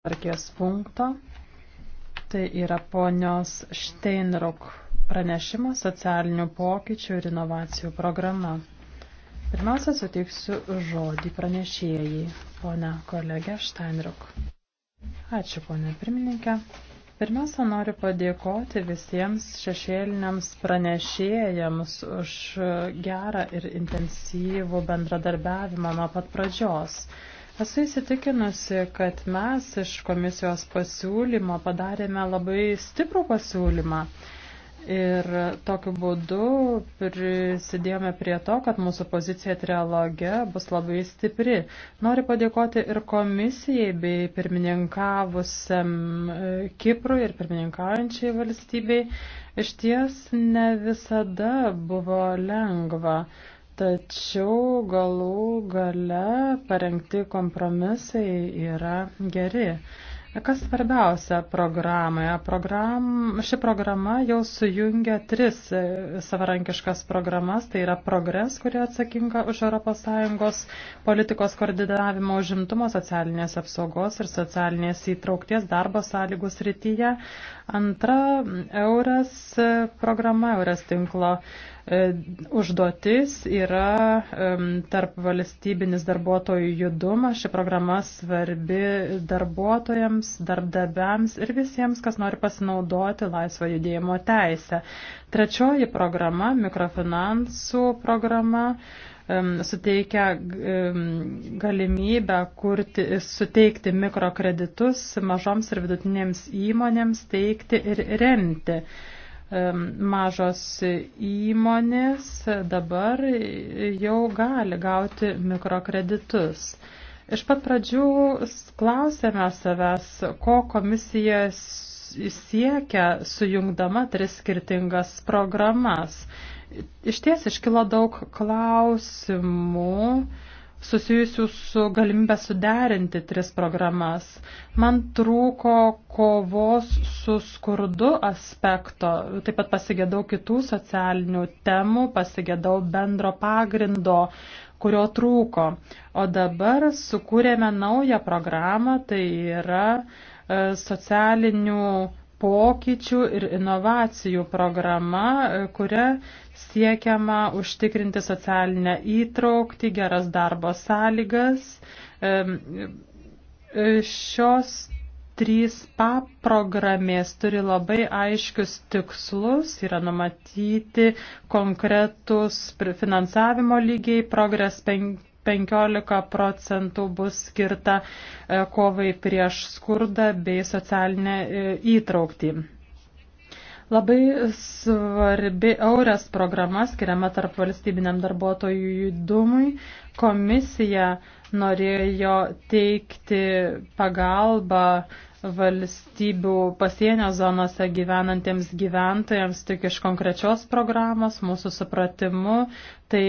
tvarkės punkto. Tai yra ponios Steinruk pranešimas socialinių pokyčių ir inovacijų programa. Pirmiausia, suteiksiu žodį pranešėjai, ponia kolegė Steinruk. Ačiū, ponia pirmininkė. Pirmiausia, noriu padėkoti visiems šešėliniams pranešėjams už gerą ir intensyvų bendradarbiavimą nuo pat pradžios. Esu įsitikinusi, kad mes iš komisijos pasiūlymo padarėme labai stiprų pasiūlymą. Ir tokiu būdu prisidėjome prie to, kad mūsų pozicija trialoge bus labai stipri. Noriu padėkoti ir komisijai bei pirmininkavusiam e, Kiprui ir pirmininkaujančiai valstybei. Iš ties ne visada buvo lengva. Tačiau galų gale parengti kompromisai yra geri. Kas svarbiausia programoje? Program, ši programa jau sujungia tris savarankiškas programas. Tai yra progres, kuri atsakinga už ES politikos koordinavimo užimtumo socialinės apsaugos ir socialinės įtraukties darbo sąlygų srityje. Antra, eures programa, eures tinklo E, užduotis yra tarp valstybinis darbuotojų judumas. Ši programa svarbi darbuotojams, darbdaviams ir visiems, kas nori pasinaudoti laisvo judėjimo teisę. Trečioji programa - mikrofinansų programa suteikia galimybę kurti, suteikti mikrokreditus mažoms ir vidutinėms įmonėms, teikti ir remti mažos įmonės dabar jau gali gauti mikrokreditus. Iš pat pradžių klausėme savęs, ko komisija siekia sujungdama tris skirtingas programas. Iš ties iškilo daug klausimų susijusių su galimybę suderinti tris programas. Man trūko kovos su skurdu aspekto, taip pat pasigėdau kitų socialinių temų, pasigėdau bendro pagrindo, kurio trūko. O dabar sukūrėme naują programą, tai yra e, socialinių pokyčių ir inovacijų programa, kuria siekiama užtikrinti socialinę įtraukti, geras darbo sąlygas. Šios trys paprogramės turi labai aiškius tikslus, yra numatyti konkretus finansavimo lygiai, progres 5 15 procentų bus skirta e, kovai prieš skurdą bei socialinę e, įtraukti. Labai svarbi EURES programa skiriama tarp valstybiniam darbuotojų judumui. Komisija norėjo teikti pagalbą valstybių pasienio zonose gyvenantiems gyventojams tik iš konkrečios programos, mūsų supratimu, tai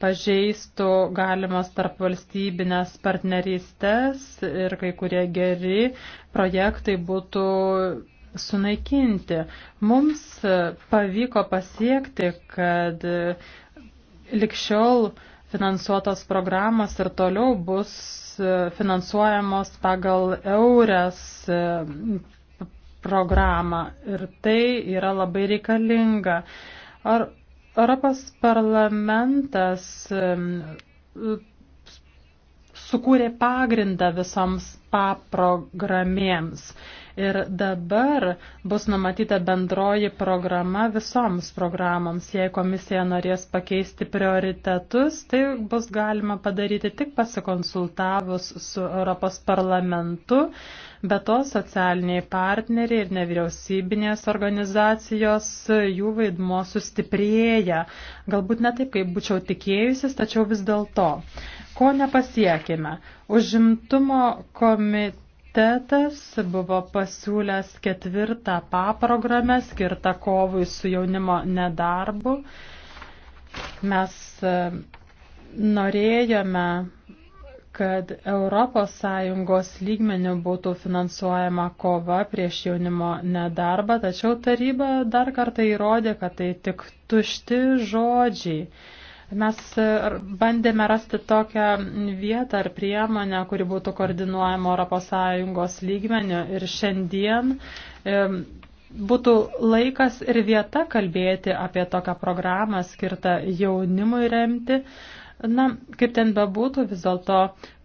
pažeistų galimas tarp valstybinės partnerystės ir kai kurie geri projektai būtų sunaikinti. Mums pavyko pasiekti, kad likščiol šiol finansuotos programos ir toliau bus e, finansuojamos pagal eurės e, programą ir tai yra labai reikalinga. Ar Europos parlamentas e, sukūrė pagrindą visoms paprogramėms. programėms? Ir dabar bus numatyta bendroji programa visoms programoms. Jei komisija norės pakeisti prioritetus, tai bus galima padaryti tik pasikonsultavus su Europos parlamentu, Be to, socialiniai partneriai ir nevyriausybinės organizacijos, jų vaidmo sustiprėja. Galbūt ne taip, kaip būčiau tikėjusis, tačiau vis dėlto. Ko nepasiekime? Užimtumo komitetas komitetas buvo pasiūlęs ketvirtą paprogramę skirtą kovui su jaunimo nedarbu. Mes e, norėjome kad ES lygmenių būtų finansuojama kova prieš jaunimo nedarbą, tačiau taryba dar kartą įrodė, kad tai tik tušti žodžiai. Mes e, bandėme rasti tokią vietą ar priemonę, kuri būtų koordinuojama ES lygmeniu ir šiandien e, būtų laikas ir vieta kalbėti apie tokią programą skirtą jaunimui remti. Na, kaip ten bebūtų, vis dėlto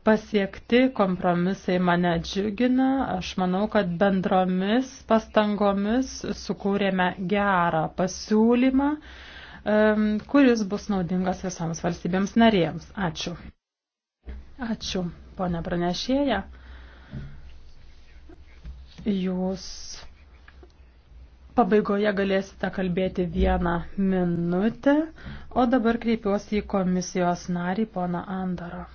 pasiekti kompromisai mane džiugina. Aš manau, kad bendromis pastangomis sukūrėme gerą pasiūlymą kuris bus naudingas visoms valstybėms narėms. Ačiū. Ačiū, ponė pranešėja. Jūs pabaigoje galėsite kalbėti vieną minutę, o dabar kreipiuosi į komisijos narį, poną Andarą.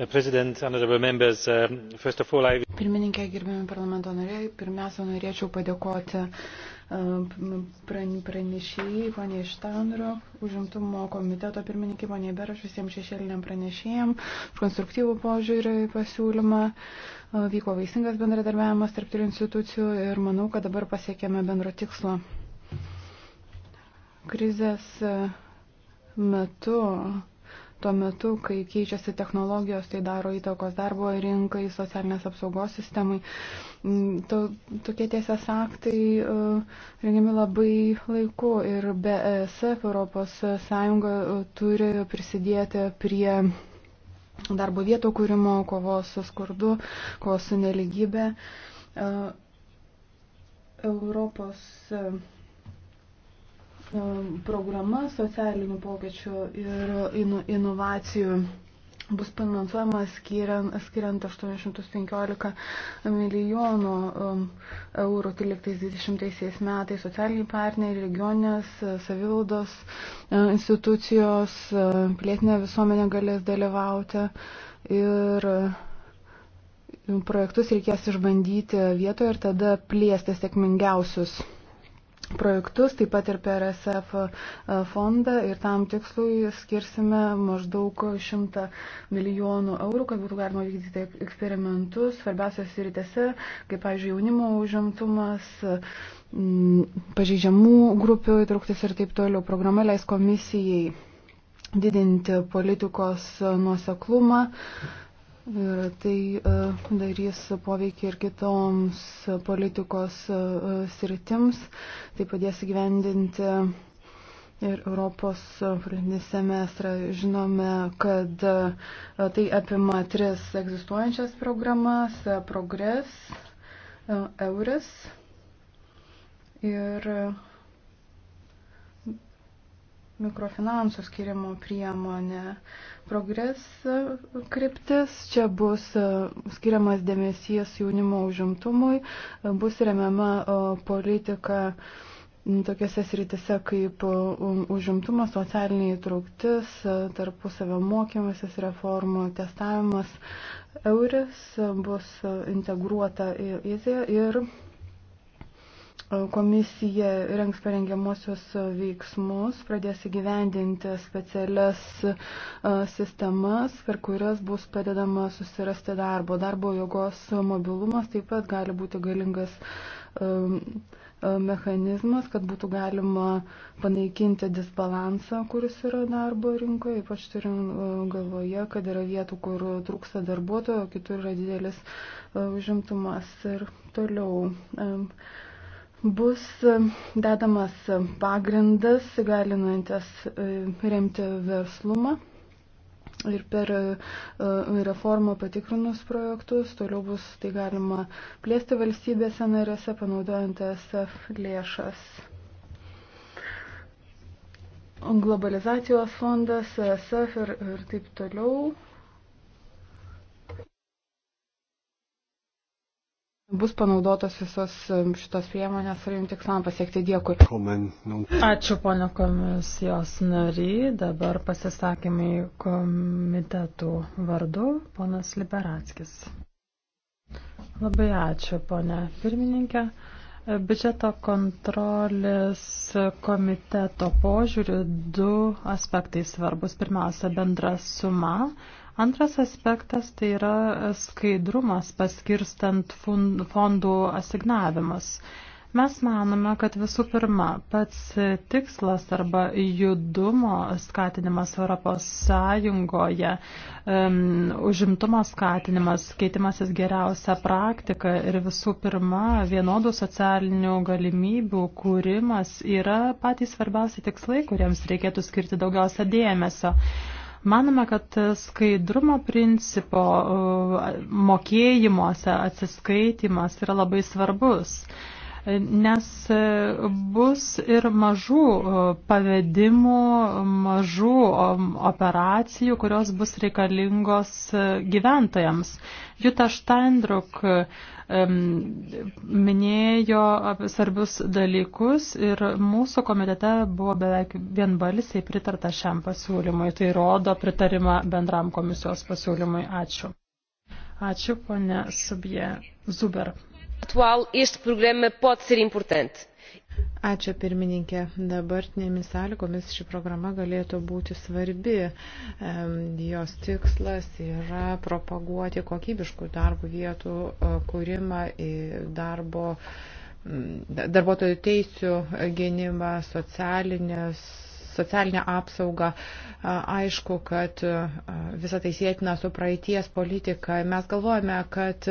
Uh, Pirmininkė, gerbėmi parlamento nariai, pirmiausia, norėčiau padėkoti pranešėjai, ponė Štanro, užimtumo komiteto pirmininkai, ponė Beraš, visiems šešėliniam pranešėjam, už konstruktyvų požiūrį pasiūlymą. Vyko vaisingas bendradarbiavimas tarp trijų institucijų ir manau, kad dabar pasiekėme bendro tikslo. Krizės metu Tuo metu, kai keičiasi technologijos, tai daro įtakos darbo rinkai, socialinės apsaugos sistemai. Mm, to, tokie tiesias aktai uh, rengiami labai laiku ir BSF e ES e, turi prisidėti prie darbo vietų kūrimo, kovos su skurdu, kovos su neligybė. Uh, Europos uh, programa socialinių pokyčių ir inovacijų bus finansuojama skiriant, skiriant 815 milijonų eurų 13-20 metais socialiniai partneriai, regionės, savivaldos e, institucijos, e, plėtinė visuomenė galės dalyvauti ir e, projektus reikės išbandyti vietoje ir tada plėsti sėkmingiausius projektus, taip pat ir per SF e, fondą ir tam tikslui skirsime maždaug 100 milijonų eurų, kad būtų galima vykdyti eksperimentus svarbiausios rytise, kaip, pavyzdžiui, jaunimo užimtumas pažeidžiamų grupių įtrauktis ir taip toliau. Programa leis komisijai didinti politikos nuoseklumą, Ir tai e, darys poveikį ir kitoms politikos e, sritims, tai padės gyvendinti ir Europos politinį semestrą. Žinome, kad e, tai apima tris egzistuojančias programas - Progres, Euris ir mikrofinansų skirimo priemonė. Progres e, kryptis, čia bus e, skiriamas dėmesys jaunimo užimtumui, e, bus remiama politika tokiose sritise kaip užimtumas, socialinė įtrauktis, tarpusavio mokymasis, reformų testavimas, euris bus integruota į įzę ir Komisija rengs parengiamosios veiksmus, pradės įgyvendinti specialias sistemas, per kurias bus padedama susirasti darbo. Darbo jėgos mobilumas taip pat gali būti galingas mechanizmas, kad būtų galima panaikinti disbalansą, kuris yra darbo rinkoje, ypač turim galvoje, kad yra vietų, kur trūksta darbuotojo, kitur yra didelis užimtumas ir toliau bus e, dedamas pagrindas, galinantis e, remti verslumą. Ir per e, reformą patikrinus projektus toliau bus tai galima plėsti valstybėse narėse, panaudojant ESF lėšas. Globalizacijos fondas, ESF ir, ir taip toliau. Bus panaudotos visos šitos priemonės ar jums tikslam pasiekti dėkui. Nu. Ačiū, ponio komisijos nary. Dabar pasisakymai komitetų vardu, ponas Liberatskis. Labai ačiū, ponė pirmininkė. Biudžeto kontrolės komiteto požiūrių du aspektai svarbus. Pirmiausia, bendra suma Antras aspektas tai yra skaidrumas paskirstant fondų asignavimus. Mes manome, kad visų pirma, pats tikslas arba judumo skatinimas Europos Sąjungoje, um, užimtumo skatinimas, keitimasis geriausia praktika ir visų pirma, vienodų socialinių galimybių kūrimas yra patys svarbiausi tikslai, kuriems reikėtų skirti daugiausia dėmesio. Manome, kad skaidrumo principo e, mokėjimuose atsiskaitimas yra labai svarbus nes e, bus ir mažų e, pavedimų, mažų operacijų, kurios bus reikalingos e, gyventojams. Juta Steindruk minėjo svarbius dalykus ir mūsų komitete buvo beveik vienbalsiai pritarta šiam pasiūlymui. Tai rodo pritarimą bendram komisijos pasiūlymui. Ačiū. Ačiū, ponė Subje Zuber atual este programa pode ser importante. Ačiū pirmininkė. Dabartinėmis sąlygomis ši programa galėtų būti svarbi. Jos tikslas yra propaguoti kokybiškų darbo vietų e, kūrimą į e, darbo darbuotojų teisių gynimą, socialinės socialinę apsaugą. Aišku, kad visą tai sėtina su praeities politika. Mes galvojame, kad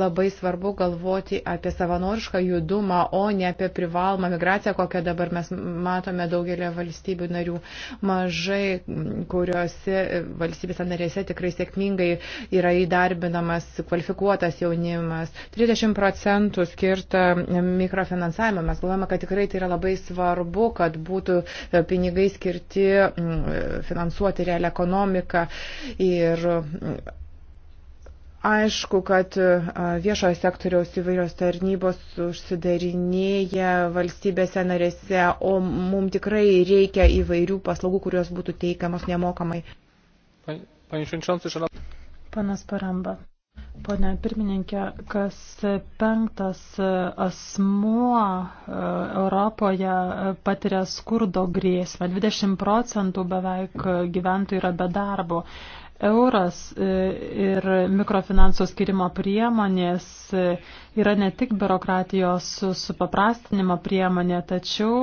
labai svarbu galvoti apie savanorišką judumą, o ne apie privalomą migraciją, kokią dabar mes matome daugelį valstybių narių. Mažai, kuriuose valstybėse narėse tikrai sėkmingai yra įdarbinamas kvalifikuotas jaunimas. 30 procentų skirta mikrofinansavimą. Mes galvojame, kad tikrai tai yra labai svarbu, kad būtų pinigai pinigai skirti mm, finansuoti realią ekonomiką. Ir mm, Aišku, kad e, viešojo sektoriaus įvairios tarnybos užsidarinėja valstybėse narėse, o mums tikrai reikia įvairių paslaugų, kurios būtų teikiamos nemokamai. Panas Paramba. Pone pirmininkė, kas penktas asmuo e, Europoje patiria skurdo grėsmę. 20 procentų beveik gyventojų yra be darbo. Euras e, ir mikrofinansų skirimo priemonės e, yra ne tik biurokratijos supaprastinimo priemonė, tačiau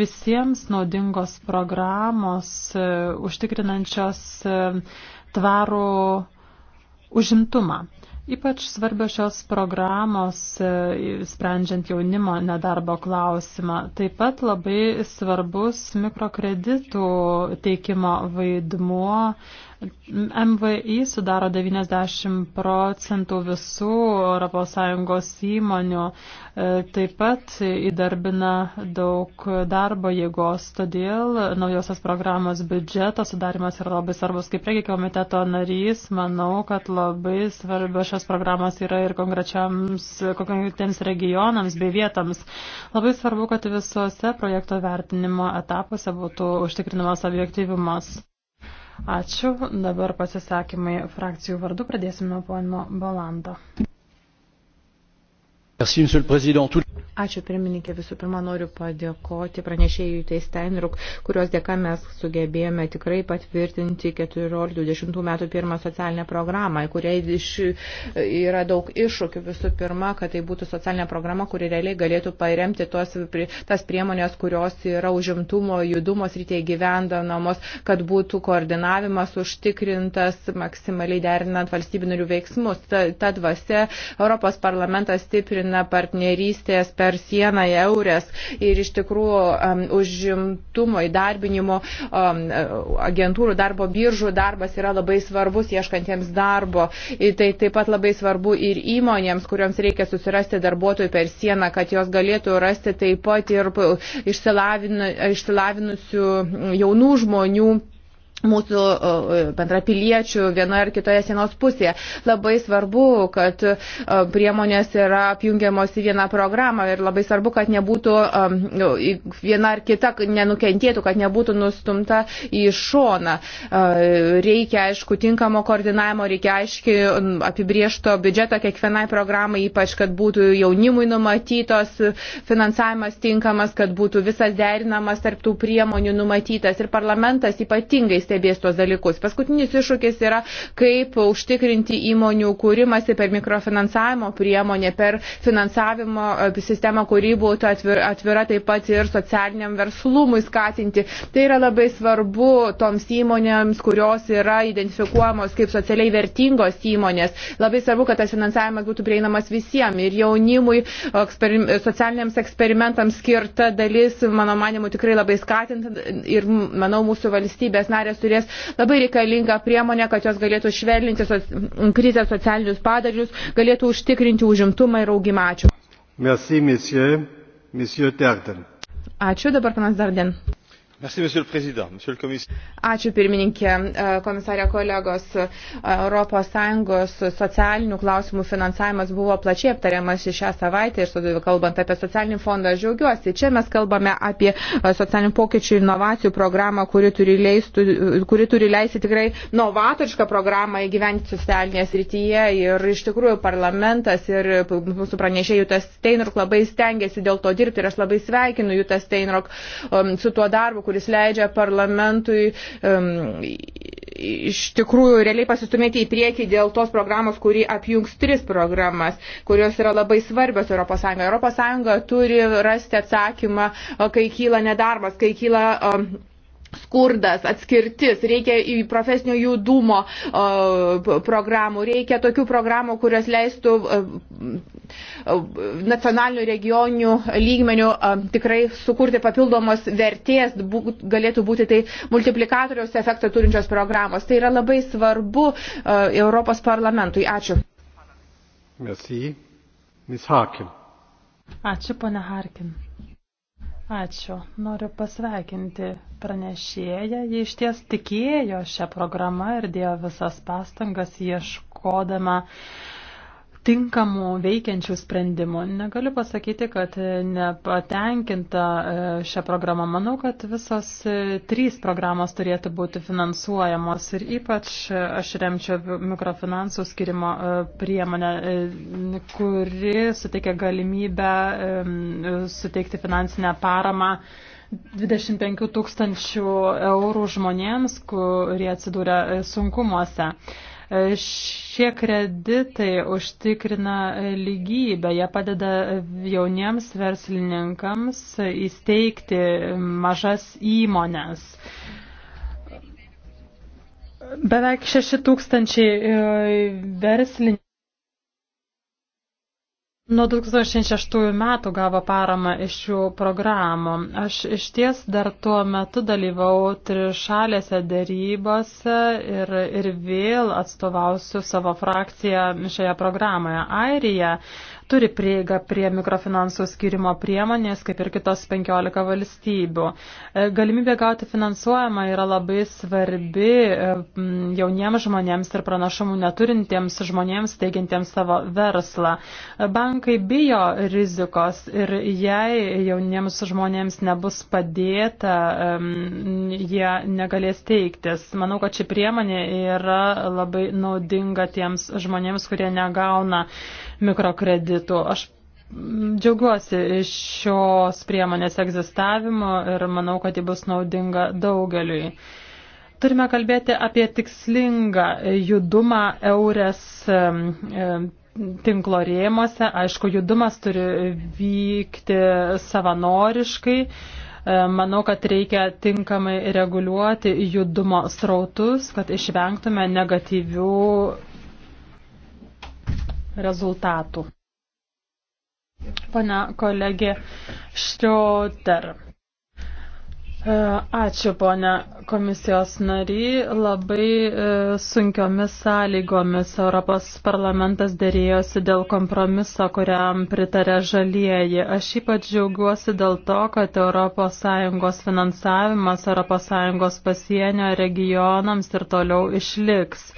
visiems naudingos programos užtikrinančios tvarų užimtumą. Ypač svarbios šios programos, e, sprendžiant jaunimo nedarbo klausimą. Taip pat labai svarbus mikrokreditų teikimo vaidmuo. MVI sudaro 90 procentų visų ES įmonių, e, taip pat įdarbina daug darbo jėgos, todėl naujosios programos biudžeto sudarimas yra labai svarbus. Kaip reikia komiteto narys, manau, kad labai svarbios panašios programos yra ir konkrečiams kokiams regionams bei vietoms. Labai svarbu, kad visuose projekto vertinimo etapuose būtų užtikrinamas objektyvumas. Ačiū. Dabar pasisakymai frakcijų vardu. Pradėsime nuo pono Bolando. Ačiū pirmininkė, visų pirma noriu padėkoti pranešėjų tai Teistenruk, kurios dėka mes sugebėjome tikrai patvirtinti 14-20 metų pirmą socialinę programą, kuriai iš, yra daug iššūkių. Visų pirma, kad tai būtų socialinė programa, kuri realiai galėtų paremti tos, tas priemonės, kurios yra užimtumo, judumo srityje gyvendanamos, kad būtų koordinavimas užtikrintas maksimaliai derinant valstybinių veiksmus. Ta, ta dvasia Europos parlamentas stiprina įgyvendina partnerystės per sieną eurės ir iš tikrųjų um, užimtumo įdarbinimo um, agentūrų darbo biržų darbas yra labai svarbus ieškantiems darbo. Ir tai taip pat labai svarbu ir įmonėms, kuriuoms reikia susirasti darbuotojų per sieną, kad jos galėtų rasti taip pat ir išsilavinusių jaunų žmonių mūsų e, bendrapiliečių vienoje ar kitoje sienos pusėje. Labai svarbu, kad e, priemonės yra apjungiamos į vieną programą ir labai svarbu, kad nebūtų e, nu, viena ar kita nenukentėtų, kad nebūtų nustumta į šoną. Reikia, aišku, tinkamo koordinavimo, reikia aiškiai apibriešto biudžeto kiekvienai programai, ypač, kad būtų jaunimui numatytos finansavimas tinkamas, kad būtų visas derinamas tarp tų priemonių numatytas. Ir parlamentas ypatingai stebės tos dalykus. Paskutinis iššūkis yra, kaip užtikrinti įmonių kūrimasi per mikrofinansavimo priemonę, per finansavimo e, sistemą, kuri būtų atvira, atvira taip pat ir socialiniam verslumui skatinti. Tai yra labai svarbu toms įmonėms, kurios yra identifikuojamos kaip socialiai vertingos įmonės. Labai svarbu, kad tas finansavimas būtų prieinamas visiems ir jaunimui, eksperim, socialiniams eksperimentams skirta dalis, mano manimu, tikrai labai skatinti ir manau mūsų valstybės narės valstybės turės labai reikalingą priemonę, kad jos galėtų švelninti so krizės socialinius padarius, galėtų užtikrinti užimtumą ir augimą. Ačiū. Merci, monsieur. Monsieur Darden. Ačiū dabar panas Darden. Ačiū pirmininkė, e, komisarė kolegos. ES socialinių klausimų finansavimas buvo plačiai aptariamas šią savaitę ir kalbant apie socialinį fondą, žiaugiuosi. Čia mes kalbame apie e, socialinių pokyčių inovacijų programą, kuri turi, leistų, e, kuri turi leisti tikrai novatorišką programą įgyventi socialinėje srityje ir iš tikrųjų parlamentas ir mūsų pranešėjų tas Steinruk labai stengiasi dėl to dirbti ir aš labai sveikinu jų tas Steinruk su tuo darbu kuris leidžia parlamentui um, iš tikrųjų realiai pasistumėti į priekį dėl tos programos, kuri apjungs tris programas, kurios yra labai svarbios ES. ES turi rasti atsakymą, kai kyla nedarbas, kai kyla. Um, skurdas, atskirtis, reikia į profesinio judumo programų, reikia tokių programų, kurios leistų e, nacionalinių regioninių lygmenių e, tikrai sukurti papildomos vertės, galėtų būti tai multiplikatoriaus efektą turinčios programos. Tai yra labai svarbu e, Europos parlamentui. Ačiū. Merci. Ms. Harkin. Ačiū, pana Harkin. Ačiū. Noriu pasveikinti pranešėją. Jie iš ties tikėjo šią programą ir dėjo visas pastangas ieškodama tinkamų veikiančių sprendimų. Negaliu pasakyti, kad nepatenkinta e, šią programą. Manau, kad visos e, trys programos turėtų būti finansuojamos ir ypač e, aš remčiau mikrofinansų skirimo priemonę, kuri suteikia galimybę suteikti finansinę paramą 25 tūkstančių eurų žmonėms, kurie atsidūrė sunkumuose. Šie kreditai užtikrina lygybę, jie padeda jauniems verslininkams įsteigti mažas įmonės. Beveik 6 tūkstančiai e, verslininkų Nuo 2006 metų gavo paramą iš šių programų. Aš iš ties dar tuo metu dalyvau trišalėse dėrybose ir, ir vėl atstovausiu savo frakciją šioje programoje. Airija turi prieigą prie mikrofinansų skirimo priemonės, kaip ir kitos 15 valstybių. E, galimybė gauti finansuojamą yra labai svarbi e, jauniems žmonėms ir pranašumų neturintiems žmonėms teigiantiems savo verslą. E, bankai bijo rizikos ir jei jauniems žmonėms nebus padėta, jie negalės teiktis. Manau, kad ši priemonė yra labai naudinga tiems žmonėms, kurie negauna mikrokreditų. Aš džiaugiuosi šios priemonės egzistavimo ir manau, kad ji bus naudinga daugeliui. Turime kalbėti apie tikslingą judumą eurės tinklo rėmose. Aišku, judumas turi vykti savanoriškai. Manau, kad reikia tinkamai reguliuoti judumo srautus, kad išvengtume negatyvių rezultatų. Pane kolegė Šrioter. E, ačiū, ponė komisijos nary. Labai e, sunkiomis sąlygomis Europos parlamentas dėrėjosi dėl kompromiso, kuriam pritarė žalieji. Aš ypač džiaugiuosi dėl to, kad ES finansavimas ES pasienio regionams ir toliau išliks.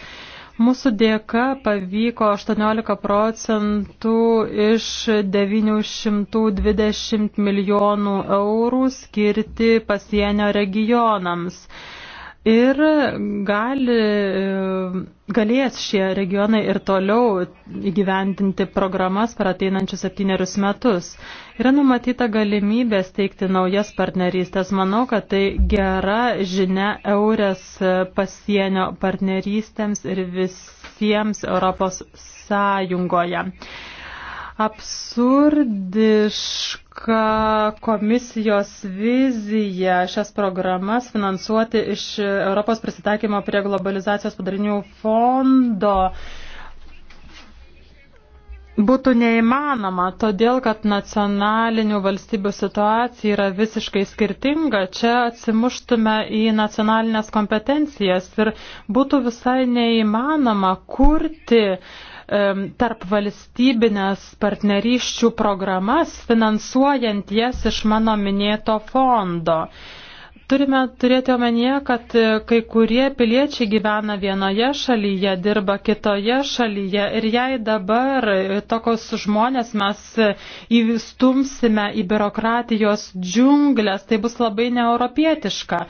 Mūsų dėka pavyko 18 procentų iš 920 milijonų eurų skirti pasienio regionams ir gali, e, galės šie regionai ir toliau įgyvendinti programas per ateinančius septynerius metus. Yra numatyta galimybė steigti naujas partnerystės. Manau, kad tai gera žinia eurės pasienio partnerystėms ir visiems Europos Sąjungoje absurdiška komisijos vizija šias programas finansuoti iš Europos prisitaikymo prie globalizacijos padarinių fondo būtų neįmanoma, todėl kad nacionalinių valstybių situacija yra visiškai skirtinga. Čia atsimuštume į nacionalinės kompetencijas ir būtų visai neįmanoma kurti uh, tarp valstybinės partnerysčių programas, finansuojant jas iš mano minėto fondo. Turime turėti omenyje, kad e, kai kurie piliečiai gyvena vienoje šalyje, dirba kitoje šalyje ir jei dabar e, tokius žmonės mes e, įstumsime į biurokratijos džiunglės, tai bus labai neeuropietiška.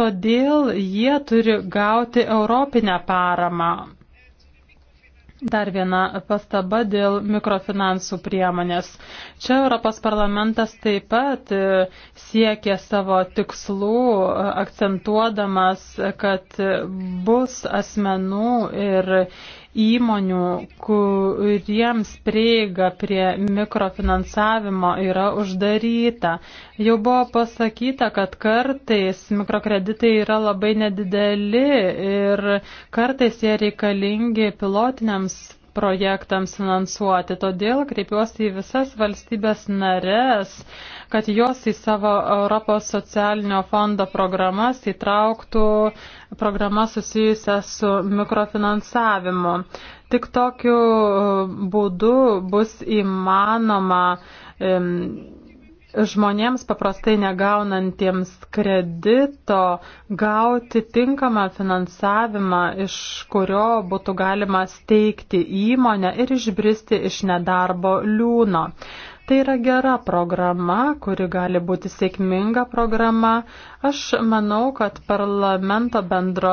Todėl jie turi gauti europinę paramą. Dar viena pastaba dėl mikrofinansų priemonės. Čia Europos parlamentas taip pat e, siekia savo tikslų, e, akcentuodamas, kad bus asmenų ir įmonių, kuriems prieiga prie mikrofinansavimo yra uždaryta. Jau buvo pasakyta, kad kartais mikrokreditai yra labai nedideli ir kartais jie reikalingi pilotiniams projektams finansuoti. Todėl kreipiuosi į visas valstybės nares, kad jos į savo Europos socialinio fondo programas įtrauktų programas susijusias su mikrofinansavimu. Tik tokiu būdu bus įmanoma žmonėms paprastai negaunantiems kredito gauti tinkamą finansavimą, iš kurio būtų galima steigti įmonę ir išbristi iš nedarbo liūno. Tai yra gera programa, kuri gali būti sėkminga programa. Aš manau, kad parlamento bendro,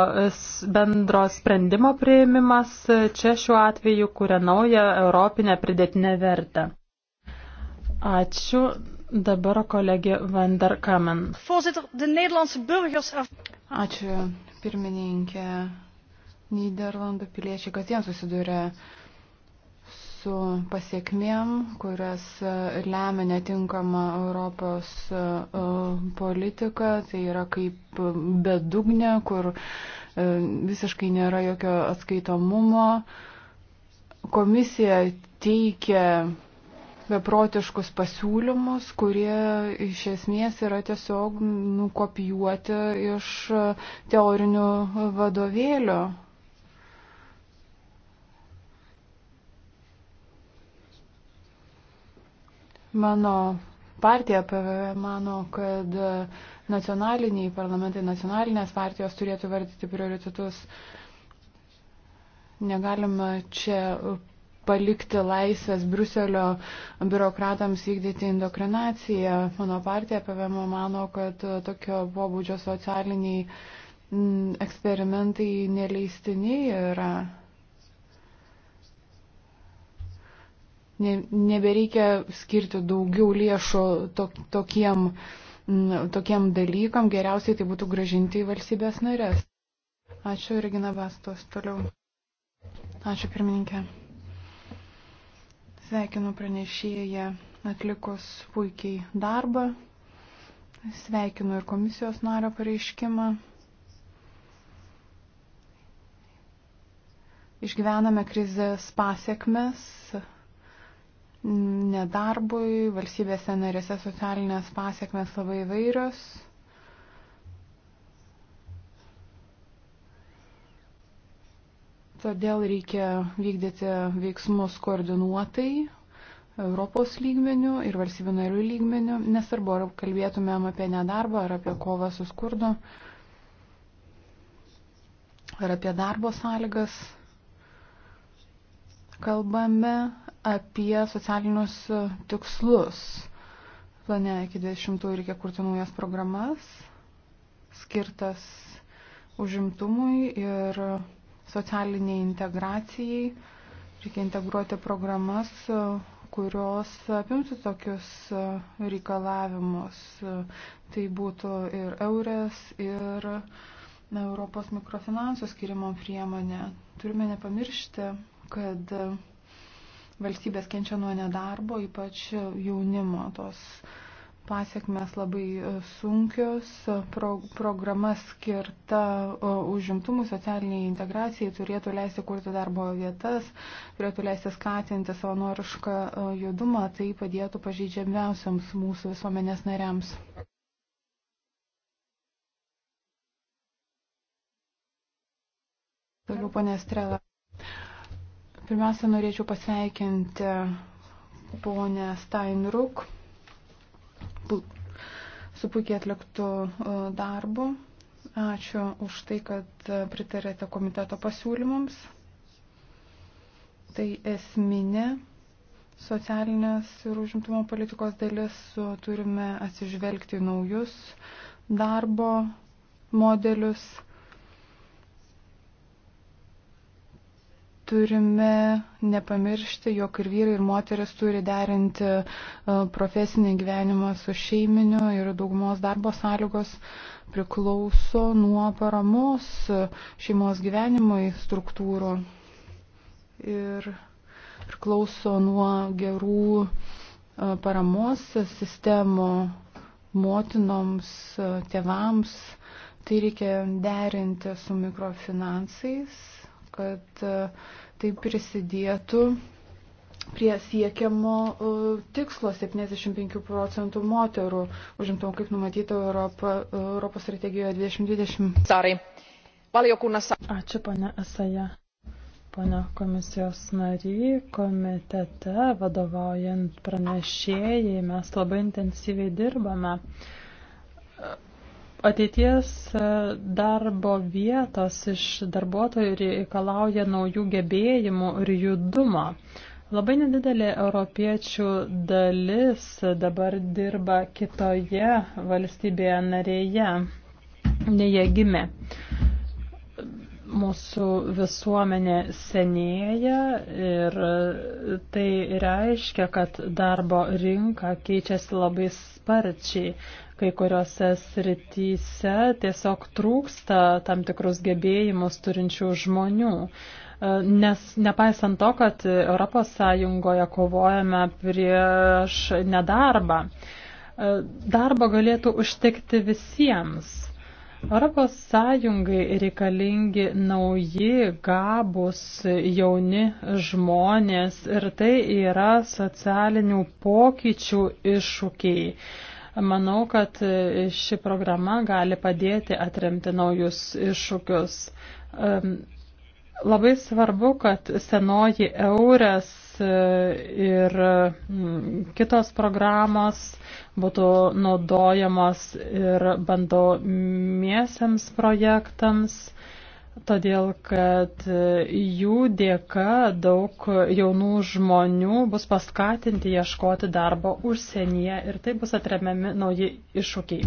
bendro sprendimo prieimimas čia šiuo atveju kuria naują europinę pridėtinę vertę. Ačiū. Dabar kolegė Van der Kamen. Ačiū, pirmininkė. Niderlandų piliečiai kasdien susiduria su pasiekmėm, kurias lemia netinkama Europos e, politika. Tai yra kaip bedugne, kur e, visiškai nėra jokio atskaitomumo. Komisija teikia beprotiškus pasiūlymus, kurie iš esmės yra tiesiog nukopijuoti iš teorinių vadovėlių. Mano partija PVV e mano, kad nacionaliniai parlamentai, nacionalinės partijos turėtų vardyti prioritetus. Negalima čia palikti laisvės Bruselio biurokratams vykdyti indokrinaciją. Mano partija PVM mano, kad tokio pobūdžio socialiniai mm, eksperimentai neleistini yra. Ne, nebereikia skirti daugiau lėšų to, tokiem, mm, tokiem dalykam, geriausiai tai būtų gražinti į valstybės narės. Ačiū, Regina Bastos, toliau. Ačiū, pirmininkė. Sveikinu pranešėją atlikus puikiai darbą. Sveikinu ir komisijos nario pareiškimą. Išgyvename krizės pasiekmes nedarbui, valstybėse narėse socialinės pasiekmes labai vairios. Todėl reikia vykdyti veiksmus koordinuotai Europos lygmenių ir valstybių narių lygmenių, nesvarbu, ar kalbėtumėm apie nedarbą, ar apie kovą su skurdu, ar apie darbo sąlygas. Kalbame apie socialinius tikslus. Plane iki 20 reikia kurti naujas programas skirtas užimtumui ir socialiniai integracijai. Reikia integruoti programas, kurios apimtų tokius reikalavimus. Tai būtų ir eurės, ir Europos mikrofinansų skirimo priemonė. Turime nepamiršti, kad valstybės kenčia nuo nedarbo, ypač jaunimo tos uh, pasiekmes labai e, sunkios. Pro, programa skirta e, užimtumui, socialiniai integracijai turėtų leisti kurti darbo vietas, turėtų leisti skatinti savanorišką e, judumą, tai padėtų pažydžiamiausiams mūsų visuomenės nariams. Toliau, ponė Strela. Pirmiausia, norėčiau pasveikinti ponę Steinruk su puikiai atliktu e, darbu. Ačiū už tai, kad e, pritarėte komiteto pasiūlymams. Tai esminė socialinės ir užimtumo politikos dalis. Turime atsižvelgti naujus darbo modelius. turime nepamiršti, jog ir vyrai, ir moteris turi derinti e, profesinį gyvenimą su šeiminiu ir daugumos darbo sąlygos priklauso nuo paramos e, šeimos gyvenimui struktūrų ir priklauso nuo gerų e, paramos sistemų motinoms, tėvams. Tai reikia derinti su mikrofinansais, kad uh, tai prisidėtų prie siekiamo e, tikslo 75 procentų moterų užimtumo, kaip numatyta Europa, Europos strategijoje 2020. Sorry. Valiokunnassa. Ačiū, ponia Asaja. Pone komisijos nary, komitete vadovaujant pranešėjai mes labai intensyviai dirbame. Ateities e, darbo vietos iš darbuotojų reikalauja naujų gebėjimų ir judumo. Labai nedidelė europiečių dalis dabar dirba kitoje valstybėje narėje, nei jie gimė. Mūsų visuomenė senėja ir tai reiškia, kad darbo rinka keičiasi labai sparčiai kai kuriuose srityse tiesiog trūksta tam tikrus gebėjimus turinčių žmonių. E, nes nepaisant to, kad ES kovojame prieš nedarbą, e, darbo galėtų užtekti visiems. Europos Sąjungai reikalingi nauji, gabus, jauni žmonės ir tai yra socialinių pokyčių iššūkiai. Manau, kad ši programa gali padėti atremti naujus iššūkius. Labai svarbu, kad senoji eurės e, ir kitos programos būtų naudojamos ir bandomiesiams projektams todėl kad jų dėka daug jaunų žmonių bus paskatinti ieškoti darbo užsienyje ir taip bus atremiami nauji iššūkiai.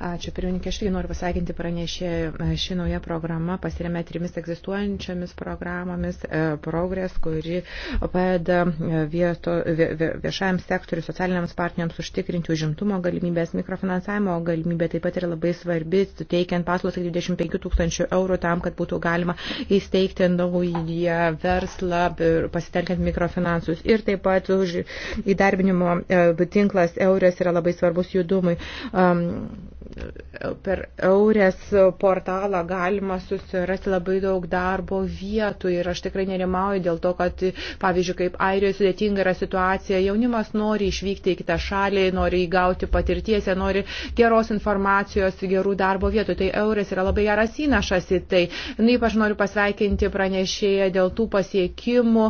Ačiū, pirmininkė, aš tai noriu pasveikinti pranešė, e, ši nauja programa pasiremė trimis egzistuojančiamis programomis, e, progres, kuri padeda e, vieto, viešajam sektoriu, socialiniams partneriams užtikrinti užimtumo galimybės, mikrofinansavimo galimybė taip pat yra labai svarbi, suteikia teikiant paslaugas 25 tūkstančių eurų tam, kad būtų galima įsteigti naują verslą, pasitelkiant mikrofinansus. Ir taip pat už įdarbinimo e, tinklas eurės yra labai svarbus judumui. Um, per Eures portalą galima susirasti labai daug darbo vietų ir aš tikrai nerimauju dėl to, kad, pavyzdžiui, kaip Airijoje sudėtinga yra situacija, jaunimas nori išvykti į kitą šalį, nori įgauti patirties, nori geros informacijos, gerų darbo vietų. Tai Eures yra labai geras įnašas į tai. Na, ypač noriu pasveikinti pranešėją dėl tų pasiekimų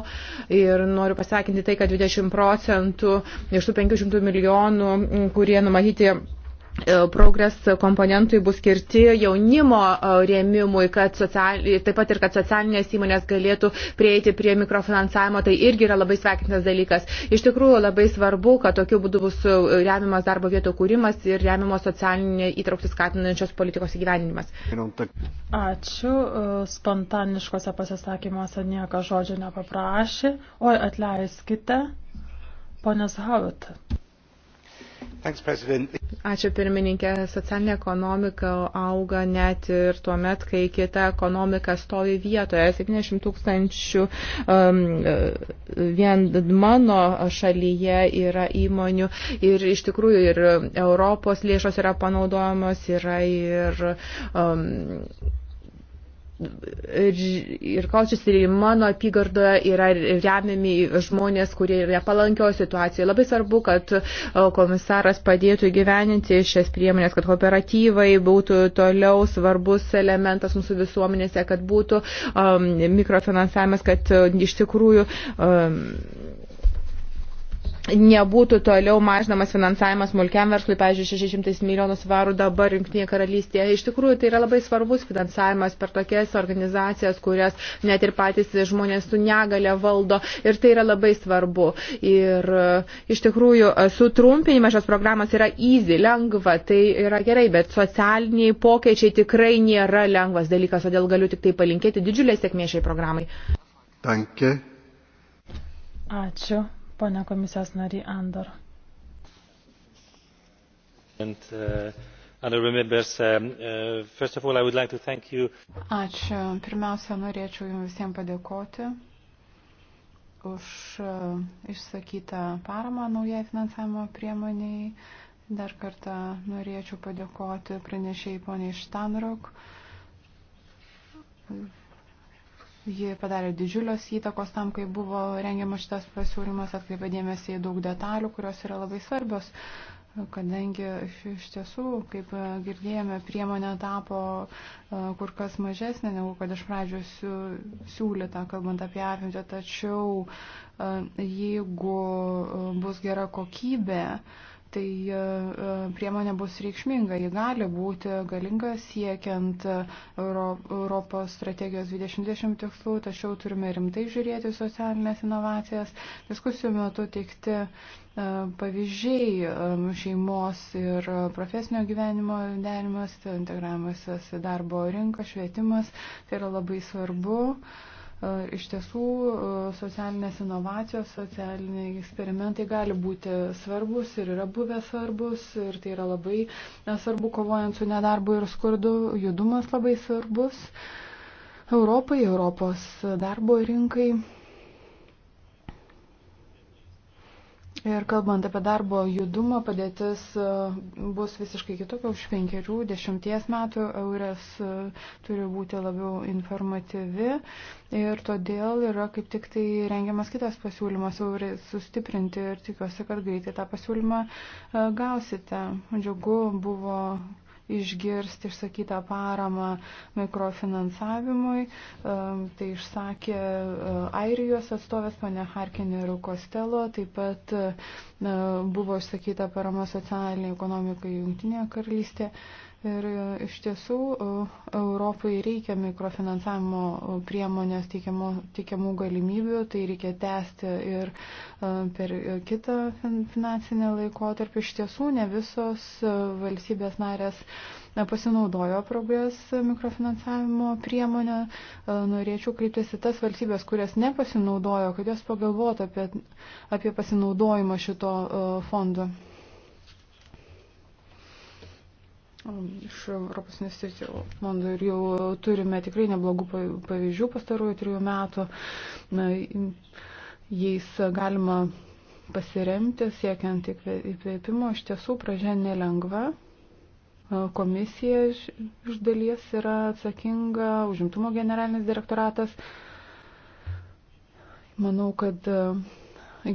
ir noriu pasveikinti tai, kad 20 procentų iš tų 500 milijonų, kurie numatyti E, progres komponentui bus skirti jaunimo e, rėmimui, kad sociali, taip pat ir kad socialinės įmonės galėtų prieiti prie mikrofinansavimo, tai irgi yra labai sveikintas dalykas. Iš tikrųjų labai svarbu, kad tokiu būdu bus e, remiamas darbo vietų kūrimas ir remiamos socialinė įtraukti skatinančios politikos įgyvendinimas. Ačiū. Spontaniškose pasisakymuose nieko žodžio nepaprašė. Oi, atleiskite. Ponas Havit. Ačiū pirmininkė. Socialinė ekonomika auga net ir tuo met, kai kita ekonomika stovi vietoje. 70 tūkstančių um, vien mano šalyje yra įmonių ir iš tikrųjų ir Europos lėšos yra panaudojamos, yra ir um, ir kaučius ir mano apygardoje yra remiami žmonės, kurie yra nepalankio situacijoje. Labai svarbu, kad e, komisaras padėtų gyveninti šias priemonės, kad kooperatyvai būtų toliau svarbus elementas mūsų visuomenėse, kad būtų um, mikrofinansavimas, kad e, iš tikrųjų um, nebūtų toliau mažinamas finansavimas smulkiam verslui, pavyzdžiui, 600 milijonų svarų dabar Junktinėje karalystėje. Iš tikrųjų, tai yra labai svarbus finansavimas per tokias organizacijas, kurias net ir patys žmonės su negale valdo ir tai yra labai svarbu. Ir e, iš tikrųjų, e, sutrumpinimas šios programos yra easy, lengva, tai yra gerai, bet socialiniai pokyčiai tikrai nėra lengvas dalykas, todėl galiu tik tai palinkėti didžiulės sėkmės šiai programai. Danke. Ačiū. Pone komisijos nariai Andor. And, uh, um, uh Ačiū. Pirmiausia, norėčiau Jums visiems padėkoti už uh, išsakytą paramą naujai finansavimo priemoniai. Dar kartą norėčiau padėkoti pranešėjai poniai Štanruk Ji padarė didžiulios įtakos tam, kai buvo rengiamas šitas pasiūlymas, atkreipė dėmesį į daug detalių, kurios yra labai svarbios, kadangi iš tiesų, kaip girdėjome, priemonė tapo e, kur kas mažesnė, negu kad iš pradžių siūlyta, kalbant apie apimtį, tačiau e, jeigu e, bus gera kokybė, tai e, e, priemonė bus reikšminga. Ji gali būti galinga siekiant e, Europos strategijos 2020 tikslų, tačiau turime rimtai žiūrėti socialinės inovacijas. Diskusijų metu teikti pavyzdžiai šeimos ir profesinio gyvenimo derinimas, integravimas į darbo rinką, švietimas, tai yra labai svarbu. Uh, Iš tiesų, e, socialinės inovacijos, socialiniai eksperimentai gali būti svarbus ir yra buvę svarbus ir tai yra labai e, svarbu kovojant su nedarbu ir skurdu, judumas labai svarbus Europai, Europos darbo rinkai. Ir kalbant apie darbo judumą, padėtis e, bus visiškai kitokia už penkerių, dešimties metų. Eures e, turi būti labiau informatyvi ir todėl yra kaip tik tai rengiamas kitas pasiūlymas Eures sustiprinti ir tikiuosi, kad greitai tą pasiūlymą e, gausite. Džiugu buvo išgirsti išsakytą paramą mikrofinansavimui. Tai išsakė e, Airijos atstovės pane Harkinė ir Kostelo, taip pat e, buvo išsakyta parama socialiniai ekonomikai Junktinėje karalystėje. Ir e, iš tiesų e, Europai reikia mikrofinansavimo priemonės teikiamų, teikiamų galimybių, tai reikia tęsti ir e, per kitą finansinę laikotarpį. Iš tiesų ne visos valstybės narės pasinaudojo progres mikrofinansavimo priemonę. Norėčiau kreiptis į tas valstybės, kurias nepasinaudojo, kad jos pagalvotų apie, apie pasinaudojimą šito fondo. iš Europos investicijų fondų ir jau turime tikrai neblogų pavyzdžių pastarųjų trijų metų. Na, jais galima pasiremti, siekiant įkvėpimo. Iš tiesų, pražė nelengva. Komisija iš dalies yra atsakinga, užimtumo generalinis direktoratas. Manau, kad e,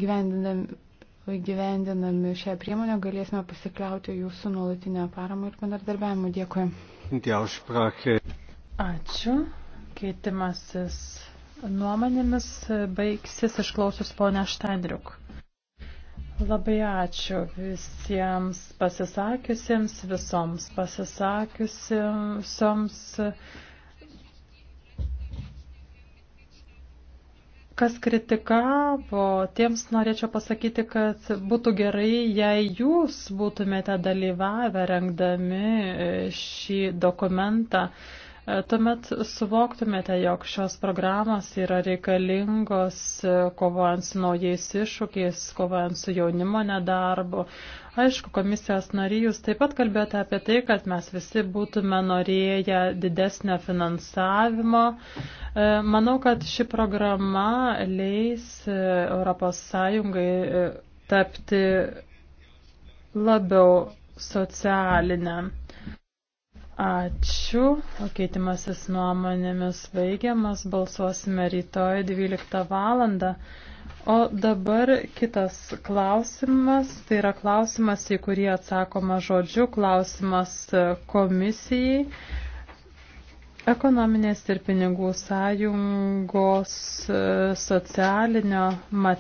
gyvendinami gyvendinami šią priemonę, galėsime pasikliauti jūsų nuolatinę paramą ir bendradarbiavimą. Dėkui. Ačiū. Keitimasis nuomonėmis baigsis išklausus ponę Štandriuk. Labai ačiū visiems pasisakiusiems, visoms pasisakiusioms. kas kritikavo, tiems norėčiau pasakyti, kad būtų gerai, jei jūs būtumėte dalyvavę rengdami šį dokumentą tuomet suvoktumėte, jog šios programos yra reikalingos e, kovojant su naujais iššūkiais, kovojant su jaunimo nedarbu. Aišku, komisijos narys taip pat kalbėjote apie tai, kad mes visi būtume norėję didesnio finansavimo. E, manau, kad ši programa leis ES e, tapti labiau socialinę. Ačiū. O keitimasis nuomonėmis baigiamas. Balsuosime rytoj 12 valandą. O dabar kitas klausimas. Tai yra klausimas, į kurį atsakoma žodžiu. Klausimas komisijai. Ekonominės ir pinigų sąjungos socialinio matematikos.